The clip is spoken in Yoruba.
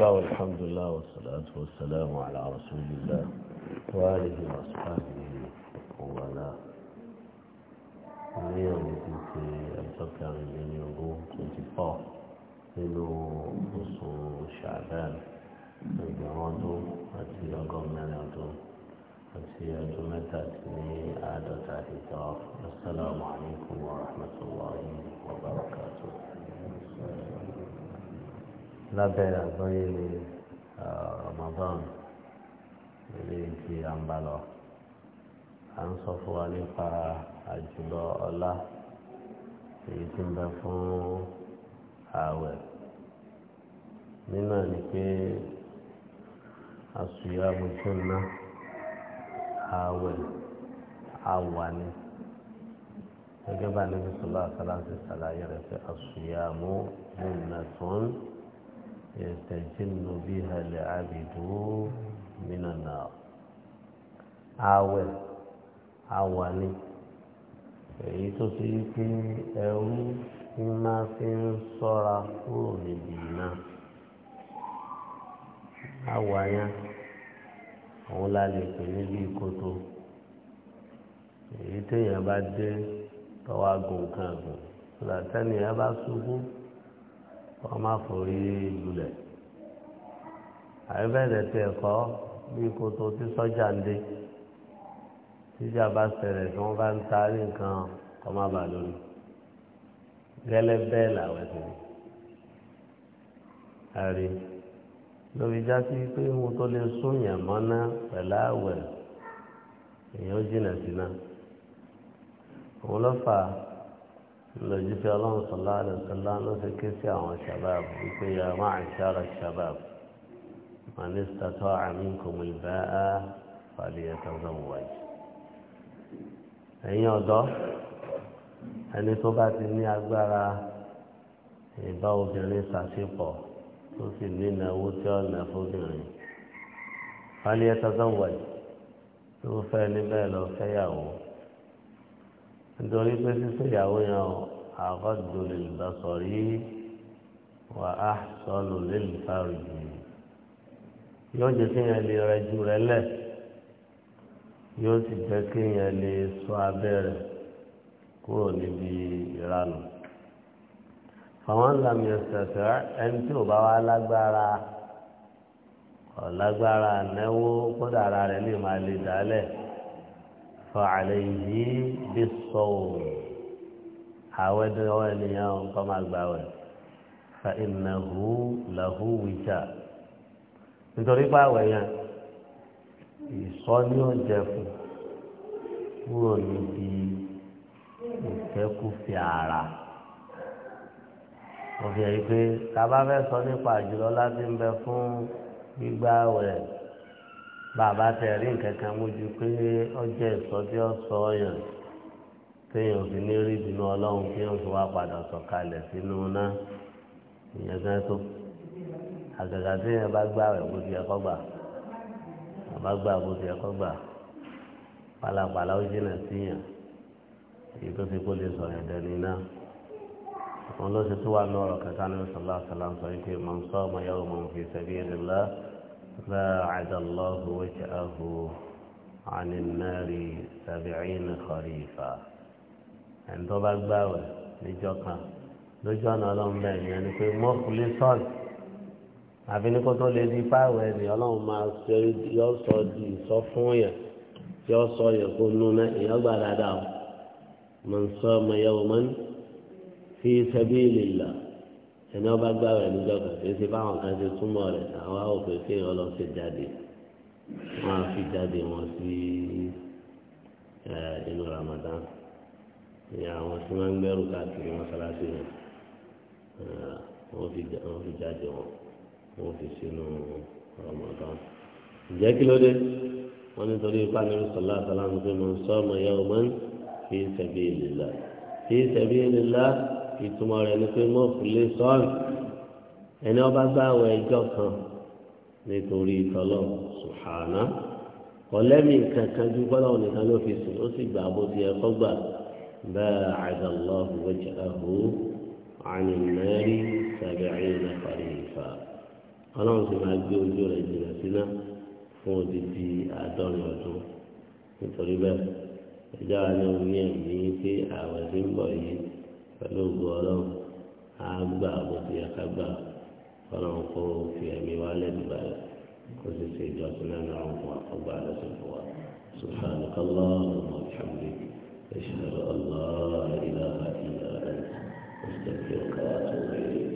الله والحمد لله والصلاة والسلام على رسول الله وآله وأصحابه وآله اليوم كنت أتوقع من يوم كنت فاه إنه شعبان عندو أتي أقوم من عندو أتي عندو متى السلام عليكم ورحمة الله وبركاته lábẹ́ àgbọ́yé Ramadan eléyìí tí a ń bá lọ à ń sọ fún wa nípa àjùlọ ọlá èyí tí ń bẹ fún ààwẹ̀ nínú ẹ̀ ni pé àṣùyà mojú ńlá ààwẹ̀ àwà ni gẹ́gẹ́ bá níbi sọlá àtàlà ti ṣàlàyé rẹ̀ pé àṣùyà mú nínú ẹ̀ yẹtẹjínú bí halẹ̀ àbìdú mínàná àwẹ̀ àwàní èyí tó ti yí pé ẹrú ní máa fi ń sọ́ra kúrò níbi náà àwàyá òun la lè pè níbi ìkótó èyí téèyàn bá dé tọ́wọ́ agùn kan gùn látẹ́nìyàn bá ṣubú wọ́n má forí lulẹ̀ àbẹ̀bẹ̀rẹ̀ tẹ̀ kọ́ bí kòtò tí sọ́jà ń dé tíjà bá ṣẹlẹ̀ tí wọ́n bá ń taari nǹkan kọ́ má bàa lórí gẹ́lẹ́ bẹ́ẹ̀ làwọn ẹ̀sìn ni àrí lórí já sí pé ohun tó lè súnyàn mọ́ná pẹ̀lú àwẹ̀ èèyàn jìnnà sí náà òun lọ́fà á lòjíṣẹ́ ọlọ́run sọ̀lá àdàsọ́lá ló fi ké sí àwọn shabab wípé ya ma'ashar shabab man istata'a minkum al-ba'a falyatazawwaj. ẹ̀yin ọ̀dọ́ ẹni tó bá ti ní agbára ìbá obìnrin ṣàṣepọ̀ tó sì nínú owó tí ó nà fóbìnrin falyatazawwaj tó fẹ́ níbẹ̀ lọ fẹ́yàwó nítorí pé sísè ìyàwó yẹn ọ àgọ́dù lè bá sọ̀rí wà á sọ̀lù lè lè fárí yóò jẹ́ kí yẹn lè rẹ ju rẹ lẹ̀ yóò sì jẹ́ kí yẹn lè sọ abẹ́ rẹ̀ kúrò níbi ìranù fàwọn làmì ẹsẹ̀sẹ̀ ẹni tí ò bá wá lágbára ọ̀lágbára náwó kódà ara rẹ̀ lè máa lè dálẹ̀. فعليه بالصوم حاول وليان كما غباوه فانه له وجاء nítorí pé àwẹ̀ yẹn ìsọ ní oúnjẹ fún kúrò níbi ìfẹ́kùfẹ́ ara òfin ẹ̀rí pé tá a bá fẹ́ sọ nípa àjùlọ láti ń bẹ fún gbígbà àwẹ̀ bàbá tẹ rí nǹkan kan mójú pé ọjọ́ ìsọ tí ó sọ ọyàn téèyàn fi ní rí ìbínú ọlọ́run tí ó fi wá padà sọ̀kalẹ̀ sínú iná ìyẹn gan tó àgàgà téèyàn bá gbà rẹ̀ bó ti ẹ̀kọ́ gbà bàbá gbà bó ti ẹ̀kọ́ gbà pálapàla ó jìnà síyàn èyí tó ti kó lè sọ̀rọ̀ ẹ̀dẹ̀ nínà wọn ló ti tó wà ní ọ̀rọ̀ kẹta ní sọlá sọlá sọ wípé mọ̀ ń ọmọ yàrá mọ̀ ń fi ẹ̀dẹ̀ lọ́wọ́. باعد الله وجهه عن النار سبعين خريفا ẹni tó bá gbààwẹ̀ níjọ́ kan lójú ọ̀nà ọlọ́run bẹ́ẹ̀ ni ẹni pé mọ́kùlé sọ́ọ̀tì àfi ní kó tó lè di fáwẹ̀ ni ọlọ́run máa ṣe yọ sọ di ìsọ fún yẹn tí ó sọ yẹn kó nú náà èèyàn gbà dáadáa mọ̀ ń sọ ọmọ yẹwò mọ́ni fi sabilillah ẹni ọba gbá rẹ níjọ kan kì í ṣe báwọn kan ṣe túmọ̀ rẹ̀ àwọn òfin kéèyàn lọ ṣe jáde wọn á fi jáde wọn sí inú Ramadan ìyá àwọn tí wọn ń gbẹrù káàkiri mọ́ṣáláṣí yẹn wọn fi jáde wọn wọn fi sínú Ramadan ǹjẹ́ kí ló dé wọn nítorí ipá nínú sọlá sọlá ń pè mọ́ sọ́ọ̀mù yẹ́wò mọ́ fi sabilillah fi sabilillah ìtumọ̀ rẹ̀ ni pé mọ́ọ̀fù lè sọ́ọ̀nù ẹni ọba gbáwọ̀ ẹjọ́ kan nítorí ìtọ́lọ̀ sùhánà ọlẹ́mì kankan ju gbọ́dọ̀ nìkan ló fi sùn ó sì gbà bó ti ẹ̀kọ́ gbà bẹ́ẹ̀ àdàlọ́ ìwọ́jà ẹ̀hó ànìmẹ́rí tàbí àyìnlá parí ìfà ọlọ́run sì máa gbé ojú rẹ̀ jìnnà síná fún odidi àádọ́rin ọdún nítorí bẹ́ẹ̀ ẹjọ́ àná pẹ̀lú ògùn ọlọ́run á gbà bó ti yẹ ká gbà ọlọ́run kó fi ẹ̀mí wá lẹ́dùbà rẹ̀ kó sì ṣe ìjọsìn náà ní àwọn fún àkọ́gbà lọ́sìn fún wa سبحانك اللهم وبحمدك أشهد أن لا إله إلا أنت أستغفرك وأتوب إليك